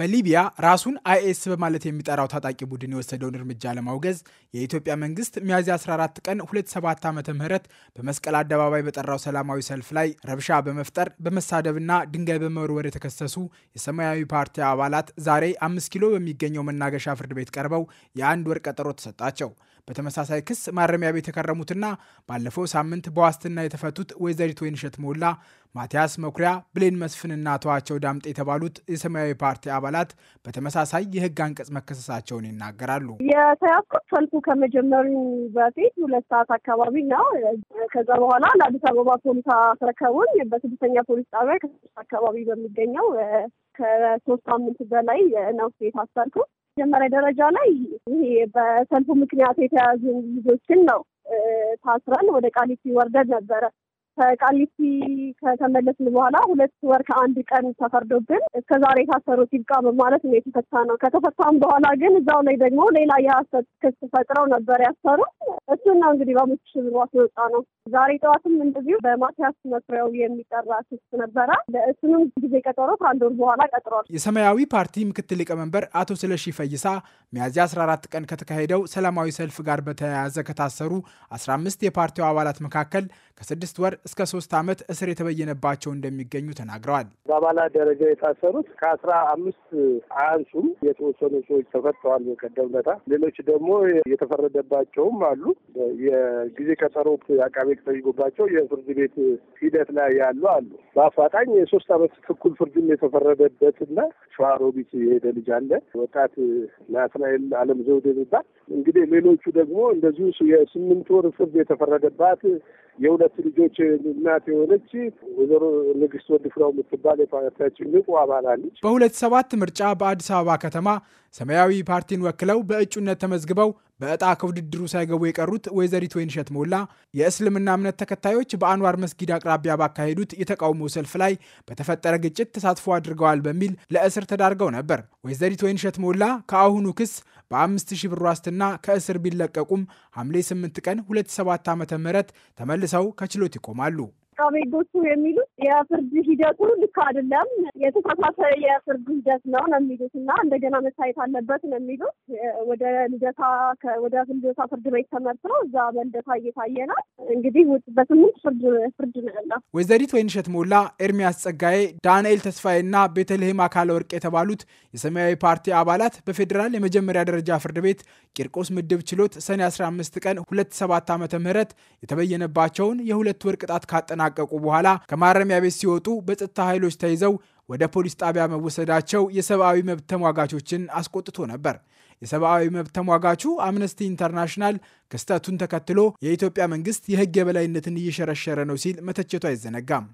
በሊቢያ ራሱን አይኤስ በማለት የሚጠራው ታጣቂ ቡድን የወሰደውን እርምጃ ለማውገዝ የኢትዮጵያ መንግስት ሚያዝያ 14 ቀን 27 ዓ ም በመስቀል አደባባይ በጠራው ሰላማዊ ሰልፍ ላይ ረብሻ በመፍጠር በመሳደብና ድንጋይ በመወርወር የተከሰሱ የሰማያዊ ፓርቲ አባላት ዛሬ 5 ኪሎ በሚገኘው መናገሻ ፍርድ ቤት ቀርበው የአንድ ወር ቀጠሮ ተሰጣቸው። በተመሳሳይ ክስ ማረሚያ ቤት የከረሙትና ባለፈው ሳምንት በዋስትና የተፈቱት ወይዘሪት ወይንሸት ሞላ ማቲያስ መኩሪያ፣ ብሌን መስፍንና ተዋቸው ዳምጤ የተባሉት የሰማያዊ ፓርቲ አባላት በተመሳሳይ የህግ አንቀጽ መከሰሳቸውን ይናገራሉ። የተያዝኩት ሰልፉ ከመጀመሩ በፊት ሁለት ሰዓት አካባቢ ነው። ከዛ በኋላ ለአዲስ አበባ ፖሊስ አስረከቡን። በስድስተኛ ፖሊስ ጣቢያ ከስድስት አካባቢ በሚገኘው ከሶስት ሳምንት በላይ ነው የታሰርኩ። መጀመሪያ ደረጃ ላይ ይሄ በሰልፉ ምክንያት የተያዙ ልጆችን ነው ታስረን ወደ ቃሊቲ ወርደን ነበረ ከቃሊቲ ከተመለስን በኋላ ሁለት ወር ከአንድ ቀን ተፈርዶብን እስከ ዛሬ የታሰሩት ይብቃ በማለት ነው የተፈታ ነው። ከተፈታም በኋላ ግን እዛው ላይ ደግሞ ሌላ የሀሰት ክስ ፈጥረው ነበር ያሰሩ። እሱን ነው እንግዲህ በአምስት ሺህ ወጣ ነው። ዛሬ ጠዋትም እንደዚሁ በማቲያስ መስሪያው የሚጠራ ክስ ነበረ። እሱንም ጊዜ ቀጠሮ ከአንድ ወር በኋላ ቀጥሯል። የሰማያዊ ፓርቲ ምክትል ሊቀመንበር አቶ ስለሺ ፈይሳ ሚያዝያ 14 ቀን ከተካሄደው ሰላማዊ ሰልፍ ጋር በተያያዘ ከታሰሩ 15 የፓርቲው አባላት መካከል ከስድስት ወር እስከ ሶስት ዓመት እስር የተበየነባቸው እንደሚገኙ ተናግረዋል። በአባላት ደረጃ የታሰሩት ከአስራ አምስት አያንሱም። የተወሰኑ ሰዎች ተፈተዋል። ቀደም ሌሎች ደግሞ የተፈረደባቸውም አሉ የጊዜ ቀጠሮ አቃቤ ተጠይቆባቸው የፍርድ ቤት ሂደት ላይ ያሉ አሉ። በአፋጣኝ የሶስት አመት ትኩል ፍርድም የተፈረደበት እና ሸዋሮቢት የሄደ ልጅ አለ ወጣት ናትናኤል አለም ዘውድ የሚባል እንግዲህ ሌሎቹ ደግሞ እንደዚሁ የስምንት ወር ፍርድ የተፈረደባት የሁለት ልጆች እናት የሆነች ወይዘሮ ንግስት ወድፍራው የምትባል የፓርቲያችን ንቁ አባል አለች። በሁለት ሰባት ምርጫ በአዲስ አበባ ከተማ ሰማያዊ ፓርቲን ወክለው በእጩነት ተመዝግበው በዕጣ ከውድድሩ ሳይገቡ የቀሩት ወይዘሪት ወይንሸት ሞላ የእስልምና እምነት ተከታዮች በአንዋር መስጊድ አቅራቢያ ባካሄዱት የተቃውሞ ሰልፍ ላይ በተፈጠረ ግጭት ተሳትፎ አድርገዋል በሚል ለእስር ተዳርገው ነበር። ወይዘሪት ወይንሸት ሞላ ከአሁኑ ክስ በአምስት ሺህ ብር ዋስትና ከእስር ቢለቀቁም ሐምሌ 8 ቀን ዓ ዓ.ም ተመልሰው ከችሎት ይቆማሉ። ቃቤ ጎቹ የሚሉት የፍርድ ሂደቱ ልክ አይደለም፣ የተሳሳተ ፍርዱ ሂደት ነው ነው የሚሉት እና እንደገና መታየት አለበት ነው የሚሉት። ወደ ልደታ ወደ ልደታ ፍርድ ቤት ተመርቶ እዛ በልደታ እየታየ ነው እንግዲህ በስምንት ፍርድ ፍርድ ነው ያለው። ወይዘሪት ወይንሸት ሞላ፣ ኤርሚያስ ጸጋዬ፣ ዳንኤል ተስፋዬ እና ቤተልሔም አካለ ወርቅ የተባሉት የሰማያዊ ፓርቲ አባላት በፌዴራል የመጀመሪያ ደረጃ ፍርድ ቤት ቂርቆስ ምድብ ችሎት ሰኔ 15 ቀን 27 ዓ ም የተበየነባቸውን የሁለት ወር ቅጣት ካጠናቀቁ በኋላ ከማረሚያ ቤት ሲወጡ በጸጥታ ኃይሎች ተይዘው ወደ ፖሊስ ጣቢያ መወሰዳቸው የሰብአዊ መብት ተሟጋቾችን አስቆጥቶ ነበር። የሰብአዊ መብት ተሟጋቹ አምነስቲ ኢንተርናሽናል ክስተቱን ተከትሎ የኢትዮጵያ መንግስት የህግ የበላይነትን እየሸረሸረ ነው ሲል መተቸቱ አይዘነጋም።